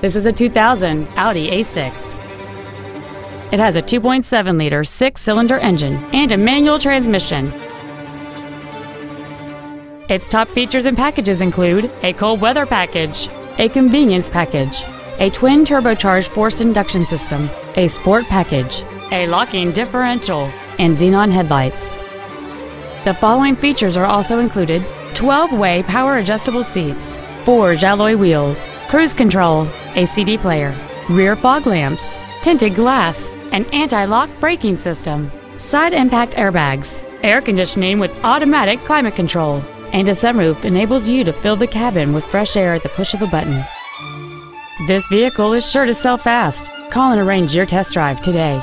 This is a 2000 Audi A6. It has a 2.7 liter six cylinder engine and a manual transmission. Its top features and packages include a cold weather package, a convenience package, a twin turbocharged forced induction system, a sport package, a locking differential, and xenon headlights. The following features are also included 12 way power adjustable seats, Forge alloy wheels, cruise control, a CD player, rear fog lamps, tinted glass, an anti-lock braking system, side impact airbags, air conditioning with automatic climate control, and a sunroof enables you to fill the cabin with fresh air at the push of a button. This vehicle is sure to sell fast. Call and arrange your test drive today.